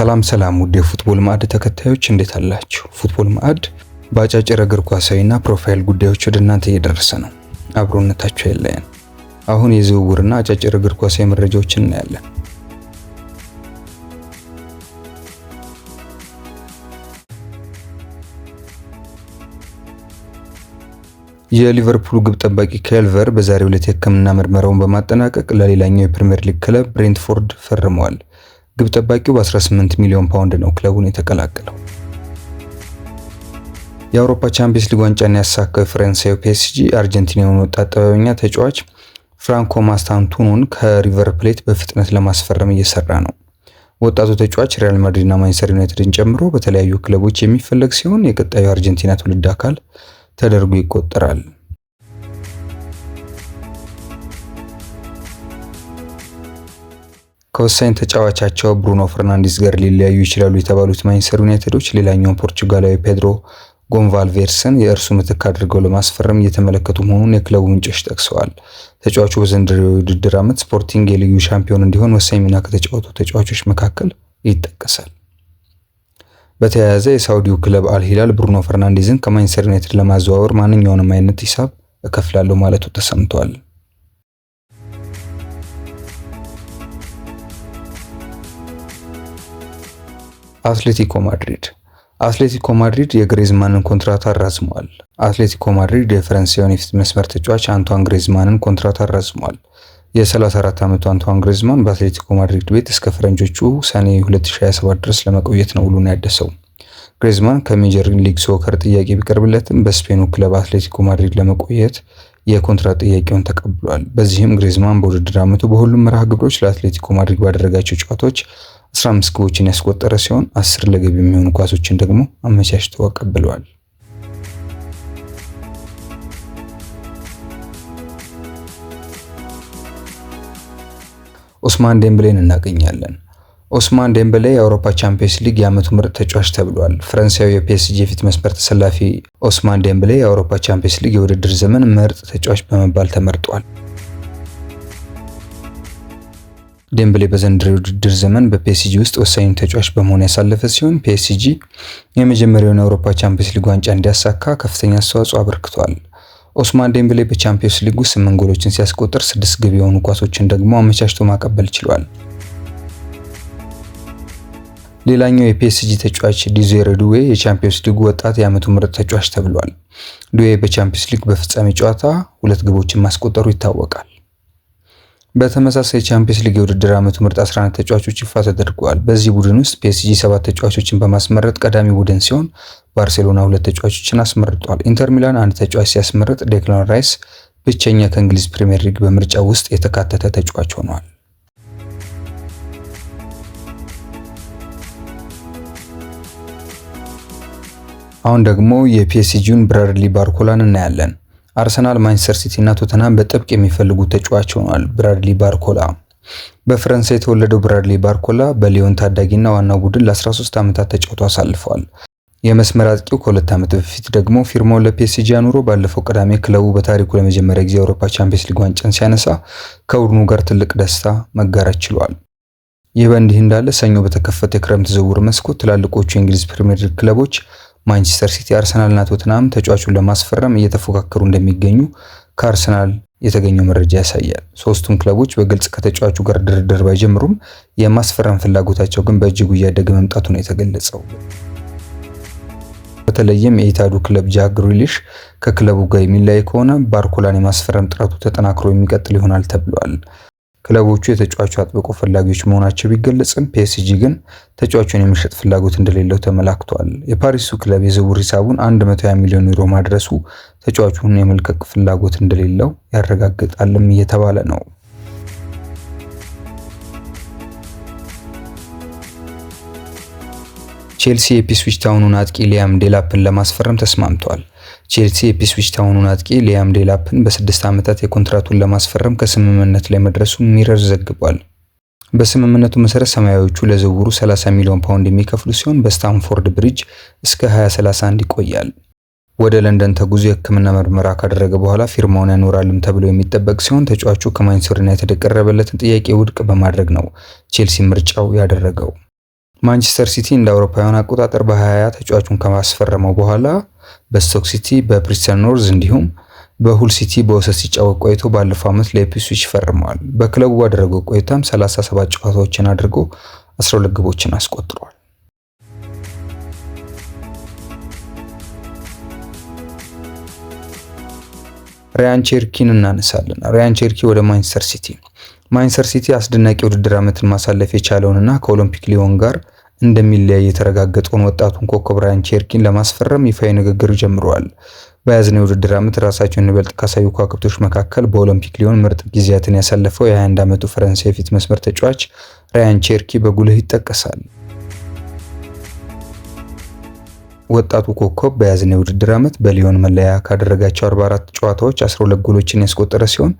ሰላም ሰላም ውድ የፉትቦል ማዕድ ተከታዮች እንዴት አላችሁ? ፉትቦል ማዕድ በአጫጭር እግር ኳሳዊና ፕሮፋይል ጉዳዮች ወደ እናንተ እየደረሰ ነው። አብሮነታችሁ የለየን። አሁን የዝውውርና አጫጭር እግር ኳሳዊ መረጃዎችን እናያለን። የሊቨርፑል ግብ ጠባቂ ኬልቨር በዛሬው ዕለት የሕክምና ምርመራውን በማጠናቀቅ ለሌላኛው የፕሪምየር ሊግ ክለብ ብሬንትፎርድ ፈርመዋል። ግብ ጠባቂው በ18 ሚሊዮን ፓውንድ ነው ክለቡን የተቀላቀለው። የአውሮፓ ቻምፒየንስ ሊግ ዋንጫን ያሳካው የፈረንሳዩ ፒኤስጂ አርጀንቲናውን ወጣት ጥበበኛ ተጫዋች ፍራንኮ ማስታንቱኑን ከሪቨር ፕሌት በፍጥነት ለማስፈረም እየሰራ ነው። ወጣቱ ተጫዋች ሪያል ማድሪድና ማንቸስተር ዩናይትድን ጨምሮ በተለያዩ ክለቦች የሚፈለግ ሲሆን የቀጣዩ አርጀንቲና ትውልድ አካል ተደርጎ ይቆጠራል። ከወሳኝ ተጫዋቻቸው ብሩኖ ፈርናንዲስ ጋር ሊለያዩ ይችላሉ የተባሉት ማንቸስተር ዩናይትዶች ሌላኛውን ፖርቹጋላዊ ፔድሮ ጎንቫልቬርስን የእርሱ ምትክ አድርገው ለማስፈረም እየተመለከቱ መሆኑን የክለቡ ምንጮች ጠቅሰዋል። ተጫዋቹ በዘንድሮ የውድድር ዓመት ስፖርቲንግ የልዩ ሻምፒዮን እንዲሆን ወሳኝ ሚና ከተጫወቱ ተጫዋቾች መካከል ይጠቀሳል። በተያያዘ የሳውዲው ክለብ አልሂላል ብሩኖ ፈርናንዴዝን ከማንቸስተር ዩናይትድ ለማዘዋወር ማንኛውንም አይነት ሂሳብ እከፍላለሁ ማለቱ ተሰምቷል። አትሌቲኮ ማድሪድ አትሌቲኮ ማድሪድ የግሬዝማንን ኮንትራት አራዝሟል። አትሌቲኮ ማድሪድ የፈረንሳዩን የፊት መስመር ተጫዋች አንቷን ግሬዝማንን ኮንትራት አራዝሟል። የ34 ዓመቱ አንቷን ግሬዝማን በአትሌቲኮ ማድሪድ ቤት እስከ ፈረንጆቹ ሰኔ 2027 ድረስ ለመቆየት ነው ውሉን ያደሰው። ግሬዝማን ከሜጀር ሊግ ሶከር ጥያቄ ቢቀርብለትም በስፔኑ ክለብ አትሌቲኮ ማድሪድ ለመቆየት የኮንትራት ጥያቄውን ተቀብሏል። በዚህም ግሬዝማን በውድድር ዓመቱ በሁሉም መርሃ ግብሮች ለአትሌቲኮ ማድሪድ ባደረጋቸው ጨዋታዎች 15 ግቦችን ያስቆጠረ ሲሆን አስር ለግብ የሚሆኑ ኳሶችን ደግሞ አመቻችተው አቀብለዋል። ኦስማን ዴምብሌን እናገኛለን። ኦስማን ዴምበሌ የአውሮፓ ቻምፒየንስ ሊግ የዓመቱ ምርጥ ተጫዋች ተብሏል። ፈረንሳዊ የፒኤስጂ የፊት መስመር ተሰላፊ ኦስማን ዴምብሌ የአውሮፓ ቻምፒየንስ ሊግ የውድድር ዘመን ምርጥ ተጫዋች በመባል ተመርጧል። ዴምብሌ በዘንድሮው ውድድር ዘመን በፒኤስጂ ውስጥ ወሳኝ ተጫዋች በመሆን ያሳለፈ ሲሆን ፒኤስጂ የመጀመሪያውን የአውሮፓ ቻምፒዮንስ ሊግ ዋንጫ እንዲያሳካ ከፍተኛ አስተዋጽኦ አበርክቷል። ኦስማን ዴምብሌ ሊግ ውስጥ ስምንት ጎሎችን ሲያስቆጥር ስድስት ግብ የሆኑ ኳሶችን ደግሞ አመቻችቶ ማቀበል ችሏል። ሌላኛው የፒኤስጂ ተጫዋች ዲዜር ዱዌ የቻምፒዮንስ ሊጉ ወጣት የዓመቱ ምርጥ ተጫዋች ተብሏል። ዱዌ በቻምፒዮንስ ሊግ በፍጻሜ ጨዋታ ሁለት ግቦችን ማስቆጠሩ ይታወቃል። በተመሳሳይ ቻምፒየንስ ሊግ የውድድር ዓመቱ ምርጥ 11 ተጫዋቾች ይፋ ተደርገዋል። በዚህ ቡድን ውስጥ ፒኤስጂ ሰባት ተጫዋቾችን በማስመረጥ ቀዳሚ ቡድን ሲሆን ባርሴሎና ሁለት ተጫዋቾችን አስመርጧል። ኢንተር ሚላን አንድ ተጫዋች ሲያስመርጥ፣ ዴክላን ራይስ ብቸኛ ከእንግሊዝ ፕሪምየር ሊግ በምርጫ ውስጥ የተካተተ ተጫዋች ሆኗል። አሁን ደግሞ የፒኤስጂውን ብራድሊ ባርኮላን እናያለን። አርሰናል፣ ማንቸስተር ሲቲ እና ቶተናም በጥብቅ የሚፈልጉት ተጫዋች ሆኗል ብራድሊ ባርኮላ። በፈረንሳይ የተወለደው ብራድሊ ባርኮላ በሊዮን ታዳጊና ዋናው ቡድን ለ13 ዓመታት ተጫውቶ አሳልፏል። የመስመር አጥቂው ከሁለት ዓመት በፊት ደግሞ ፊርማውን ለፒኤስጂ አኑሮ ባለፈው ቅዳሜ ክለቡ በታሪኩ ለመጀመሪያ ጊዜ የአውሮፓ ቻምፒየንስ ሊግ ዋንጫን ሲያነሳ ከቡድኑ ጋር ትልቅ ደስታ መጋራት ችሏል። ይህ በእንዲህ እንዳለ ሰኞ በተከፈተ የክረምት ዝውውር መስኮት ትላልቆቹ የእንግሊዝ ፕሪምየር ሊግ ክለቦች ማንቸስተር ሲቲ፣ አርሰናልና ቶትናም ተጫዋቹን ለማስፈረም እየተፎካከሩ እንደሚገኙ ከአርሰናል የተገኘው መረጃ ያሳያል። ሶስቱም ክለቦች በግልጽ ከተጫዋቹ ጋር ድርድር ባይጀምሩም የማስፈረም ፍላጎታቸው ግን በእጅጉ እያደገ መምጣቱ ነው የተገለጸው። በተለይም የኢታዱ ክለብ ጃክ ከክለቡ ጋር የሚለያይ ከሆነ ባርኮላን የማስፈረም ጥረቱ ተጠናክሮ የሚቀጥል ይሆናል ተብሏል። ክለቦቹ የተጫዋቹ አጥብቆ ፈላጊዎች መሆናቸው ቢገለጽም ፒኤስጂ ግን ተጫዋቹን የመሸጥ ፍላጎት እንደሌለው ተመላክቷል። የፓሪሱ ክለብ የዝውውር ሂሳቡን 120 ሚሊዮን ዩሮ ማድረሱ ተጫዋቹን የመልቀቅ ፍላጎት እንደሌለው ያረጋግጣልም እየተባለ ነው። ቼልሲ የኢፕስዊች ታውኑን አጥቂ ሊያም ዴላፕን ለማስፈረም ተስማምቷል። ቼልሲ የኢፕስዊች ታውኑን አጥቂ ሊያም ዴላፕን በስድስት ዓመታት የኮንትራቱን ለማስፈረም ከስምምነት ላይ መድረሱ ሚረር ዘግቧል። በስምምነቱ መሰረት ሰማያዊዎቹ ለዝውውሩ 30 ሚሊዮን ፓውንድ የሚከፍሉ ሲሆን በስታምፎርድ ብሪጅ እስከ 2031 ይቆያል። ወደ ለንደን ተጉዞ የሕክምና ምርመራ ካደረገ በኋላ ፊርማውን ያኖራልም ተብሎ የሚጠበቅ ሲሆን ተጫዋቹ ከማንቸስተር ዩናይትድ የቀረበለትን ጥያቄ ውድቅ በማድረግ ነው ቼልሲ ምርጫው ያደረገው። ማንቸስተር ሲቲ እንደ አውሮፓውያን አቆጣጠር በ20 ተጫዋቹን ከማስፈረመው በኋላ በስቶክ ሲቲ በፕሪስተን ኖርዝ እንዲሁም በሁል ሲቲ በውሰት ሲጫወት ቆይቶ ባለፈው ዓመት ለኢፕስዊች ፈርመዋል። በክለቡ ባደረገው ቆይታም 37 ጨዋታዎችን አድርጎ 12 ግቦችን አስቆጥሯል። ሪያን ቼርኪን እናነሳለን። ሪያን ቼርኪ ወደ ማንቸስተር ሲቲ ማንቸስተር ሲቲ አስደናቂ ውድድር ዓመትን ማሳለፍ የቻለውንና ከኦሎምፒክ ሊዮን ጋር እንደሚለያይ የተረጋገጠውን ወጣቱን ኮከብ ራያን ቼርኪን ለማስፈረም ይፋዊ ንግግር ጀምረዋል። በያዝነው የውድድር ዓመት ራሳቸውን ይበልጥ ካሳዩ ከዋክብቶች መካከል በኦሎምፒክ ሊዮን ምርጥ ጊዜያትን ያሳለፈው የ21 ዓመቱ ፈረንሳይ የፊት መስመር ተጫዋች ራያን ቼርኪ በጉልህ ይጠቀሳል። ወጣቱ ኮከብ በያዝነው የውድድር ዓመት በሊዮን መለያ ካደረጋቸው 44 ጨዋታዎች 12 ጎሎችን ያስቆጠረ ሲሆን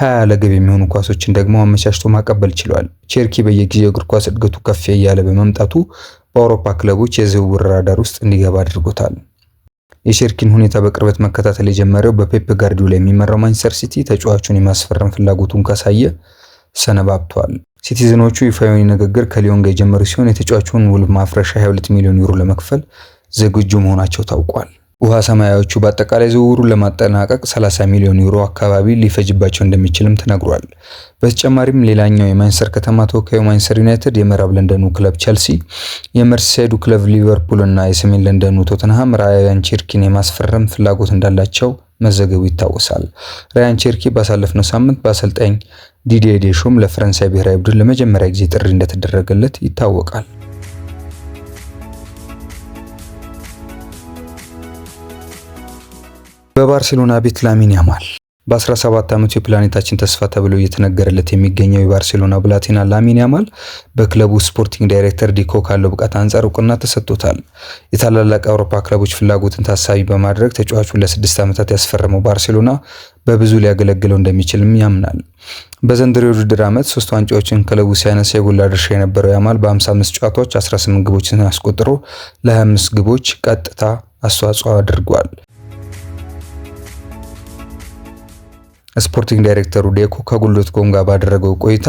20 ለግብ የሚሆኑ ኳሶችን ደግሞ አመቻችቶ ማቀበል ችሏል። ቼርኪ በየጊዜው እግር ኳስ እድገቱ ከፍ እያለ በመምጣቱ በአውሮፓ ክለቦች የዝውውር ራዳር ውስጥ እንዲገባ አድርጎታል። የሼርኪን ሁኔታ በቅርበት መከታተል የጀመረው በፔፕ ጋርዲዮላ የሚመራው ማንቸስተር ሲቲ ተጫዋቹን የማስፈረም ፍላጎቱን ካሳየ ሰነባብቷል። ሲቲዝኖቹ ይፋዊ ንግግር ከሊዮን ጋር የጀመሩ ሲሆን የተጫዋቹን ውል ማፍረሻ 22 ሚሊዮን ዩሮ ለመክፈል ዝግጁ መሆናቸው ታውቋል። ውሃ ሰማያዎቹ በአጠቃላይ ዝውውሩን ለማጠናቀቅ 30 ሚሊዮን ዩሮ አካባቢ ሊፈጅባቸው እንደሚችልም ተነግሯል። በተጨማሪም ሌላኛው የማንቸስተር ከተማ ተወካዩ ማንቸስተር ዩናይትድ፣ የምዕራብ ለንደኑ ክለብ ቸልሲ፣ የመርሴዱ ክለብ ሊቨርፑል እና የሰሜን ለንደኑ ቶተንሃም ራያን ቼርኪን የማስፈረም ፍላጎት እንዳላቸው መዘገቡ ይታወሳል። ራያን ቼርኪ ባሳለፍነው ሳምንት በአሰልጣኝ ዲዲዬ ዴሾም ለፈረንሳይ ብሔራዊ ቡድን ለመጀመሪያ ጊዜ ጥሪ እንደተደረገለት ይታወቃል። በባርሴሎና ቤት ላሚን ያማል በ17 ዓመቱ የፕላኔታችን ተስፋ ተብሎ እየተነገረለት የሚገኘው የባርሴሎና ብላቴና ላሚን ያማል በክለቡ ስፖርቲንግ ዳይሬክተር ዲኮ ካለው ብቃት አንጻር እውቅና ተሰጥቶታል። የታላላቅ አውሮፓ ክለቦች ፍላጎትን ታሳቢ በማድረግ ተጫዋቹን ለስድስት ዓመታት ያስፈረመው ባርሴሎና በብዙ ሊያገለግለው እንደሚችልም ያምናል። በዘንድሮ የውድድር ዓመት ሶስት ዋንጫዎችን ክለቡ ሲያነሳ የጎላ ድርሻ የነበረው ያማል በ55 ጨዋታዎች 18 ግቦችን አስቆጥሮ ለ25 ግቦች ቀጥታ አስተዋጽኦ አድርጓል። ስፖርቲንግ ዳይሬክተሩ ዴኮ ከጉልበት ጎን ጋር ባደረገው ቆይታ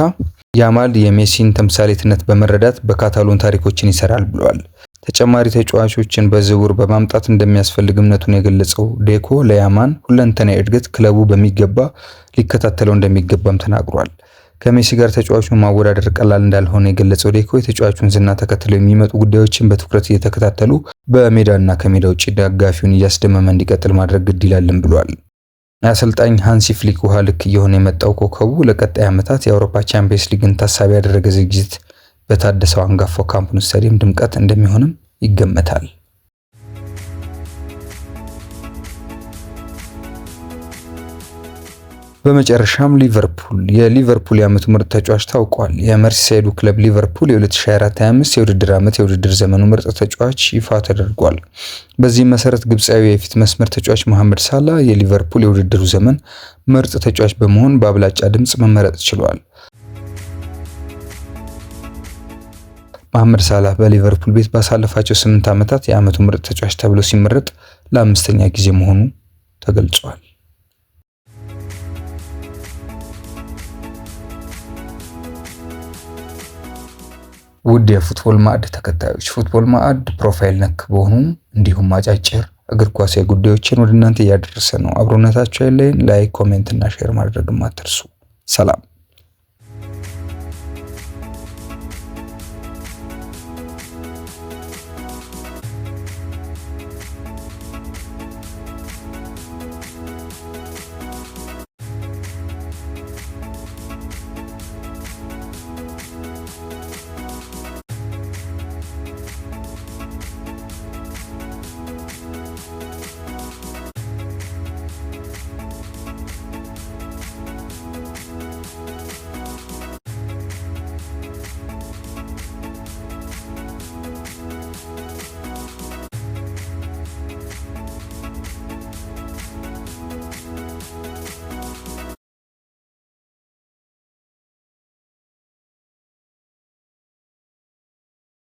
ያማል የሜሲን ተምሳሌትነት በመረዳት በካታሎን ታሪኮችን ይሰራል ብለዋል። ተጨማሪ ተጫዋቾችን በዝውውር በማምጣት እንደሚያስፈልግ እምነቱን የገለጸው ዴኮ ለያማን ሁለንተናዊ እድገት ክለቡ በሚገባ ሊከታተለው እንደሚገባም ተናግሯል። ከሜሲ ጋር ተጫዋቹን ማወዳደር ቀላል እንዳልሆነ የገለጸው ዴኮ የተጫዋቹን ዝና ተከትለው የሚመጡ ጉዳዮችን በትኩረት እየተከታተሉ በሜዳና ከሜዳ ውጭ ደጋፊውን እያስደመመ እንዲቀጥል ማድረግ ግድ ይላልን ብሏል። አሰልጣኝ ሃንሲ ፍሊክ ውሃ ልክ እየሆነ የመጣው ኮከቡ ለቀጣይ ዓመታት የአውሮፓ ቻምፒየንስ ሊግን ታሳቢ ያደረገ ዝግጅት በታደሰው አንጋፋው ካምፕ ኑ ስታዲየም ድምቀት እንደሚሆንም ይገመታል። በመጨረሻም ሊቨርፑል የሊቨርፑል የዓመቱ ምርጥ ተጫዋች ታውቋል። የመርሲሳይዱ ክለብ ሊቨርፑል የ2024/25 የውድድር ዓመት የውድድር ዘመኑ ምርጥ ተጫዋች ይፋ ተደርጓል። በዚህም መሰረት ግብፃዊ የፊት መስመር ተጫዋች መሐመድ ሳላ የሊቨርፑል የውድድሩ ዘመን ምርጥ ተጫዋች በመሆን በአብላጫ ድምፅ መመረጥ ችሏል። መሐመድ ሳላህ በሊቨርፑል ቤት ባሳለፋቸው ስምንት ዓመታት የዓመቱ ምርጥ ተጫዋች ተብሎ ሲመረጥ ለአምስተኛ ጊዜ መሆኑ ተገልጿል። ውድ የፉትቦል ማዕድ ተከታዮች ፉትቦል ማዕድ ፕሮፋይል ነክ በሆኑ እንዲሁም አጫጭር እግር ኳሳዊ ጉዳዮችን ወደ እናንተ እያደረሰ ነው። አብሮነታቸው ያለይን ላይክ፣ ኮሜንት እና ሼር ማድረግም አትርሱ። ሰላም።